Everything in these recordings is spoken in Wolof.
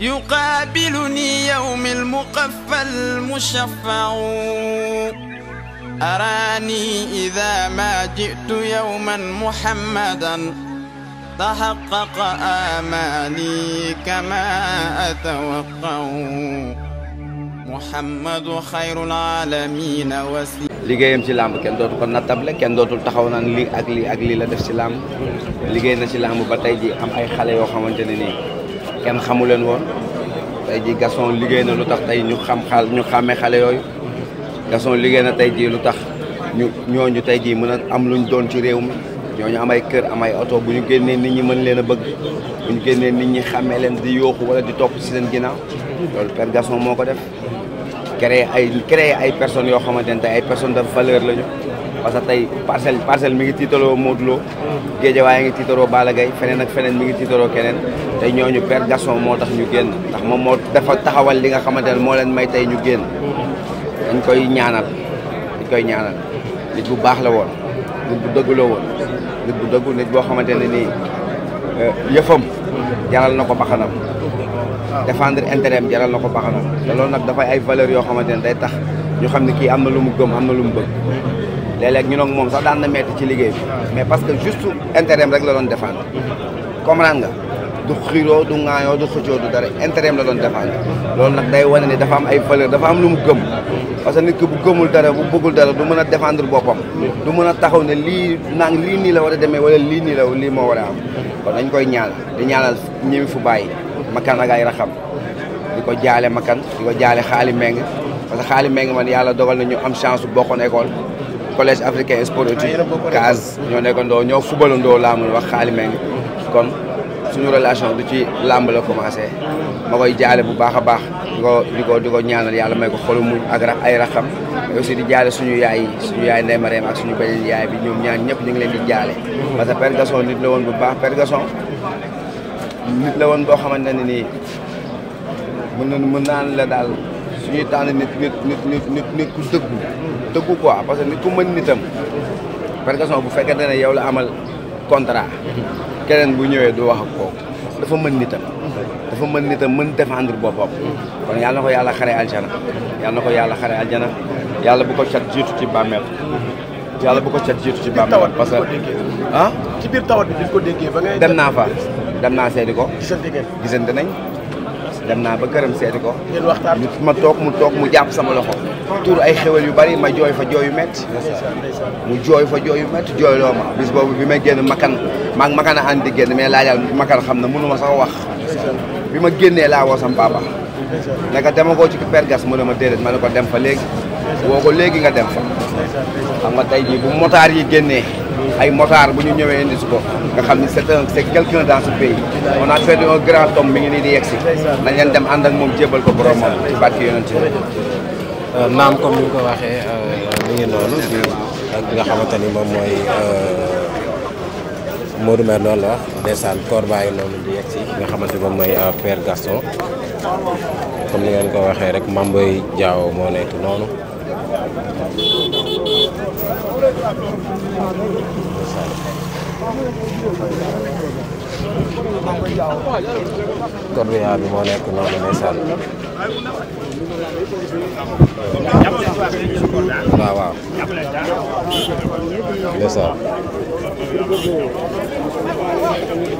يقابلني يوم المقفى المشفع أراني إذا ما جئت يوما محمدا تحقق آماني كما أتوقع محمد خير العالمين وسيم liggéeyam ci làmb kenn dootu ko nattable kenn dootul taxaw naan lii ak lii ak lii la def ci làmb liggéey na ci làmb ba tey ji am ay xale yoo xamante ne nii kenn xamu leen woon tey ji Gaston liggéey na lu tax tey ñu xam xaal ñu xàmme xale yooyu Gaston liggéey na tey ji lu tax ñu ñooñu tey ji mën a am luñ doon ci réew mi ñooñu am ay kër am ay oto bu ñu génnee nit ñi mën leen a bëgg bu ñu génnee nit ñi xàmmee leen di yooxu wala di topp si seen ginnaaw loolu Père Gaston moo ko def créer ay créer ay personnes yoo xamante ne ay personnes de valeur lañu parce que tey parcelle parcelle mi ngi tiitaloo Modou Lo Guédiawaye ngi tiitaloo Balla Gaye feneen ak feneen mi ngi tiitaloo keneen tey ñooñu Père Gaston moo tax ñu génn ndax moom moo dafa taxawal li nga xamante ne moo leen may tey ñu génn dañ koy ñaanal dañ koy ñaanal nit bu baax la woon nit bu dëgg la woon nit bu dëggu nit boo xamante ne nii euh, yëfam jaral na ko baxanam défendre intérêt am jaral na ko baxanam te loolu nag dafay ay valeurs yoo xamante ne day tax ñu xam ne kii am na lu mu gëm am na lu mu bëgg léeg ñu ak moom sax daan na metti ci liggéey bi mais parce que juste intérêt rek la doon défendre comprendre nga du xiroo du ŋaayoo du xëccoo du dara intérêt la doon défendre loolu nag day wane ne dafa am ay valeur dafa am lu mu gëm parce que nit ki bu gëmul dara bu bëggul dara du mën a défendre boppam du mën a taxaw ne lii naan lii nii la war a demee wala lii nii la lii moo war am kon dañ koy ñaal di ñaanal ñimi fu bàyyi makan ak ay raxam di ko jaale makan di ko jaale xaali meng parce que xaali meng man yàlla dogal na ñu am chance bu bokkoon école collège africain sport études CAS ñoo nekkandoo ñoo fubalandoo laa mun wax xaali meng kon suñu relation du ci làmb la commencé ma koy jaale bu baax a baax di ko di ko di ñaanal yàlla may ko xolu muñ ak ay raxam mais aussi di jaale suñu yaay yi suñu yaay Ndeye Mariam ak suñu beneen yaay bi ñoom ñaan ñëpp ñu ngi leen di jaale parce que Père Gasson nit la woon bu baax Père Gasson nit la woon boo xamante ne nii mën na mën naan la suñuy tànn nit nit nit nit nit ku dëggu dëggu quoi parce que nit ku mën nitam parce que bu fekkente ne yow la amal contrat keneen bu ñëwee du wax ak kooku dafa mën nitam dafa mën nitam mën défendre boppam kon yàlla na ko yàlla xare aljana yàlla na ko yàlla xare aljana yàlla bu ko cat jiitu ci bàmmeel yàlla bu ko cat jiitu ci bàmmeel parce que ah ci biir tawat bi ko déggee ba ngay dem naa fa dem naa seeti ko gisante nañ dem naa ba këram seeti ko ma toog mu toog mu jàpp sama loxo tur ay xewal yu bari ma jooy fa jooy yu métti mu jooy fa jooy yu métti jooyloo ma bis boobu bi may génn makan maag makan a génn mais laajal makan xam na mënu ma sax wax bi ma génnee laa woo sam papa naka dema koo ci pergas mu ne ma déedéet ma ne ko dem fa léegi woo ko léegi nga dem fa xam nga tey jii bu motaar yi génnee ay motard bu ñu ñëwee indi si ko nga xam ni c'est un c'est quelqu'un dans ce pays on a fait grand homme mi ngi nii di yegsi nañ leen dem ànd ak moom jébal ko borom moom ci barke yonent naam euh, comme ni nga ko waxee euh, mi ngi noonu ak nga xamante ni moom mooy euh, Modou Mer noonu la wax ndeysaan koor bàyyi noonu di yegsi nga xamante moom mooy Père Gaston comme ni ngeen ko waxee rek Mamboy Diaw moo nekk noonu corbillard bi moo nekk noonu ndeysaan waaw waaw ndeysaan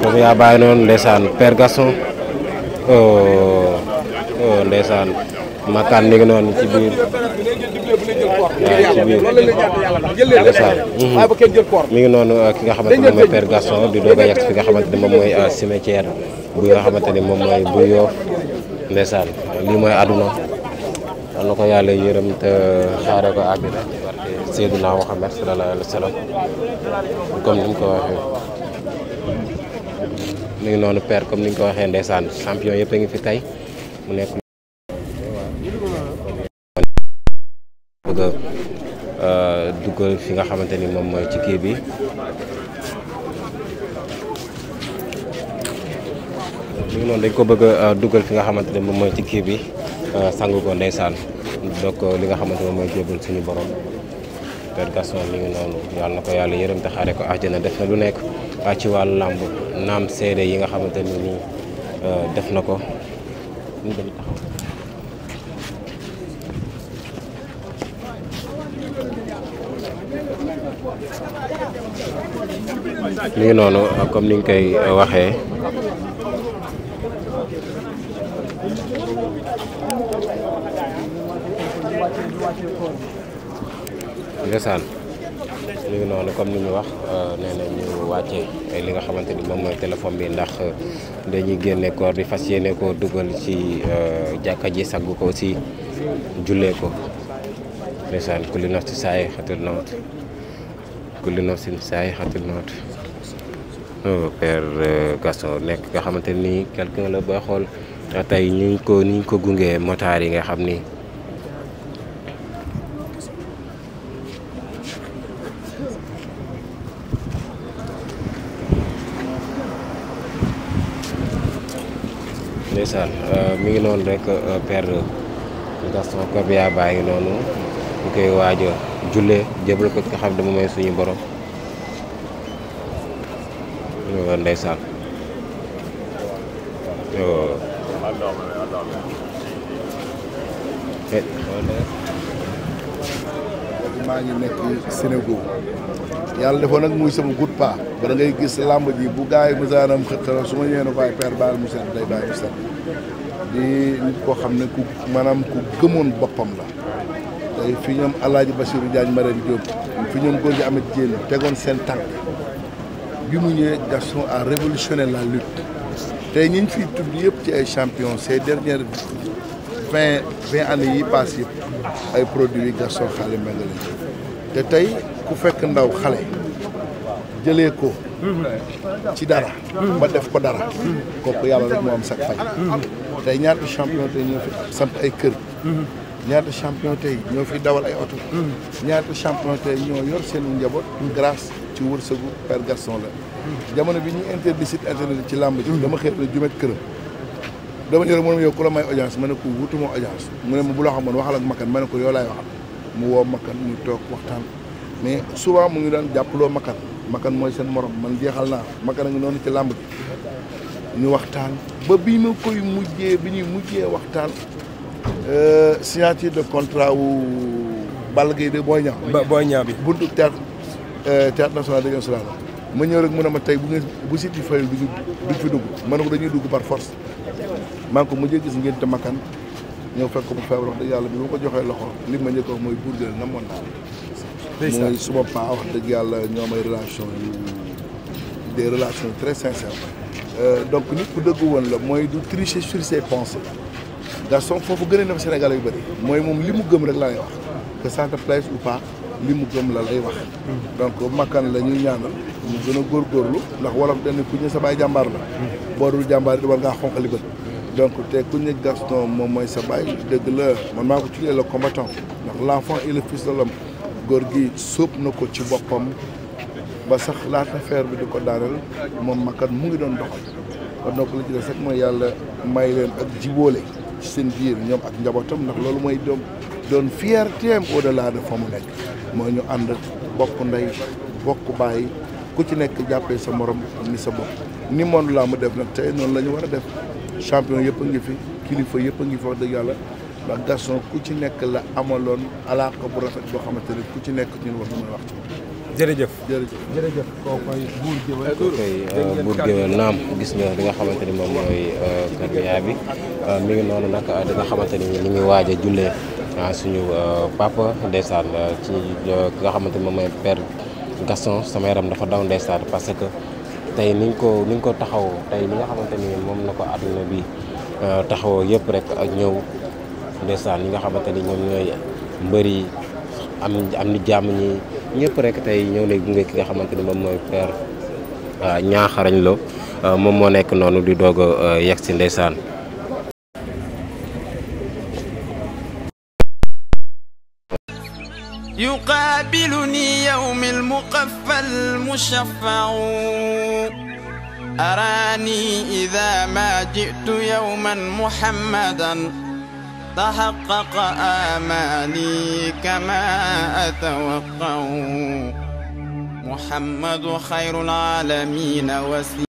corbillard bàyyi noonu ndeysaan père Gaston oh, oh, ndeysaan makaan mi ngi noonu ci biir waaw ci ngi noonu ki nga xamante ne mooy Père di a yegg fi xamante ne moom mooy euh, cimetière bu nga xamante ni moom mooy bu Yoff ndeysaan lii mooy àdduna am na ko yàlla yërëm te euh, xaare ko àddina barke Seydina Muhammad sallallahu alayhi wa sallam comme ni mu ko waxee mi ngi noonu Père comme ni ñu ko waxee ndeysaan champion yëpp a ngi fi tay mu nekk doog a euh, fi nga xamante ni moom mooy ci kii bi li noonu dañ ko bëgg a euh, dugal fi nga xamante ne moom mooy ci kii bi euh, sang ko ndeysaan li nga xamante moom mooy jébal suñu borom Père Gaston mi ngi noonu yàlla na ko yàlla yërëm xaare ko àjjana def na lu nekk ci wàllu làmb naam seede yi nga xamante ni nii def na ko. mi noonu comme ni nga koy waxee ndeysaan mi ngi noonu comme ni ñu wax euh, nee na ñu li nga xamante ni moom mooy téléphone bi ndax dañuy génne koor bi fas yéene ko dugal ci euh, jàkka ji sagg ko aussi jullee ko ndeysaan kulli nafsin saa yi xatul noot kulli nafsin saa yi xatul noot père euh, Gaston nekk nga xamante ni quelqu'un la booy xool tey ñu ko ni ko gungee motaar yi nga xam ni ndeysaan euh, mi ngi noonu rek euh, per Gaston Korobia baa ngi noonu ñu koy waaj a jullee jébal ko nga xam ne moom mooy suñu borom waaw ndeysaan eh. maa ngi nekk Sénégal yàlla defoon nag muy sama gut pa ba ngay gis làmb ji bu gars yi musaanam xëqalal su ma ñëwee na bàyyi père baal mu set day bàyyi mu set di nit koo xam ne ku maanaam ku gëmoon boppam la tey fi ñoom Alaaji Basiru Jaañ Mareen Jóob fi ñoom góor gi amat jéen tegoon seen tànk bi mu ñëwee Gaston a révolutionné la lutte tey ñi fi fiy tudd yëpp ci ay champion ces dernières vingt vingt années yi passées yëpp ay produits Gaston Xaali Mbengue lañu te tey ku fekk ndaw xale jëlee ko. ci dara. ba def ko dara. kooku yàlla rek moo am sax fay. tey ñaata champion tey ñoo fi samp ay kër. ñaata champion tey ñoo fi dawal ay oto. ñaata champion tey ñoo yor seen njaboot grâce. ci wërsëgu Père Gaston la jamono bi ñu interdit site internet ci làmb ji dama xëy rek jumet këram dama ñëw mu ne yow ku la may audience ma ne ko wutuma audience mu ne ma bu la xamoon waxal ak Makan ma ne ko yow laay waxal mu woo Makan ñu toog waxtaan mais souvent mu ngi daan jàppaloo Makan Makan mooy seen morom man jeexal naa Makan a ngi noonu ci làmb ji ñu waxtaan ba bii ma koy mujjee bi ñuy mujjee waxtaan euh, signature de contrat wu Balla Gaye de Boy Niang Boy bi Eh, théâtre national dañoo si ma ñëw rek mu ne ma tey bu ngeen bu siti fayul duñu duñ fi dugg ma ne ko dañuy dugg par force maa ngi ko mujjee gis ngeen te makkan ñëw fekk ko mu feebar wax dëgg yàlla bi ma ko joxee loxo li ma njëkk wax mooy buur jël namoon naa mooy suma paa wax dëgg yàlla ñoo may relation yu des relations très sincères eh, donc nit ku dëgg woon la mooy du tricher sur ses pensées Gaston foofu gën a def Sénégal yu bëri mooy moom li mu gëm rek laa lay wax te plaise ou li mu gëm la lay wax donc makkaan la ñuy ñaanal mu gën a góorgóorlu ndax wolof dañ ne ku ñu sa baay jàmbaar la boo dul jàmbaar it war ngaa xonqali bët donc te ku ñu Gaston moom mooy sa baay dëgg la man maa ko tuddee le combattant ndax l' enfant et le fils góor gi sóob na ko ci boppam ba sax laata feer bi di ko daaneel moom makkaan mu ngi doon doxal kon donc li ci des mooy yàlla may leen ak jiboole seen biir ñoom ak njabootam ndax loolu mooy doom doon fierté am au delà de fa mu nekk mooy ñu ànd bokk ndey bokk bàyyi ku ci nekk jàppee sa morom ni sa bopp ni monde laa ma def nag tey noonu la ñu war a def champion yëpp a ngi fi kilifa yëpp a ngi fi wax dëgg yàlla ndax Gaston ku ci nekk la amaloon alaaka bu rafet boo xamante ne ku ci nekk ñun war na mën a wax ci jërëjëf jërëjëf jërëjëf kookoy buur géwél kookoy euh, buur géwél naam gis nga li nga xamante ni moom mooy kër euh, yaay bi euh, mu ngi noonu nag li nga xamante ni ñu ngi waaj a jullee ah suñu euh, papa ndeysaan euh, ci euh, ki nga xamante moom mooy père Gaston sama yaram dafa daw ndeysaan parce que tey niñ ko niñ ko taxawoo tey li nga xamante moom na ko àdduna bi taxawoo yëpp rek ak ñëw ndeysaan ñi nga xamante ni ñoom ñooy am am ni jàmm ñi ñëpp rek tey ñëw ne gunge ki nga xamante ni moom mooy père ñaaxarañ lo moom moo nekk noonu di doog a yegg si ndeysaan قابلني يوم المقفى المشفع أراني إذا ما جئت يوما محمدا تحقق آماني كما أتوقع محمد خير العالمين وسيم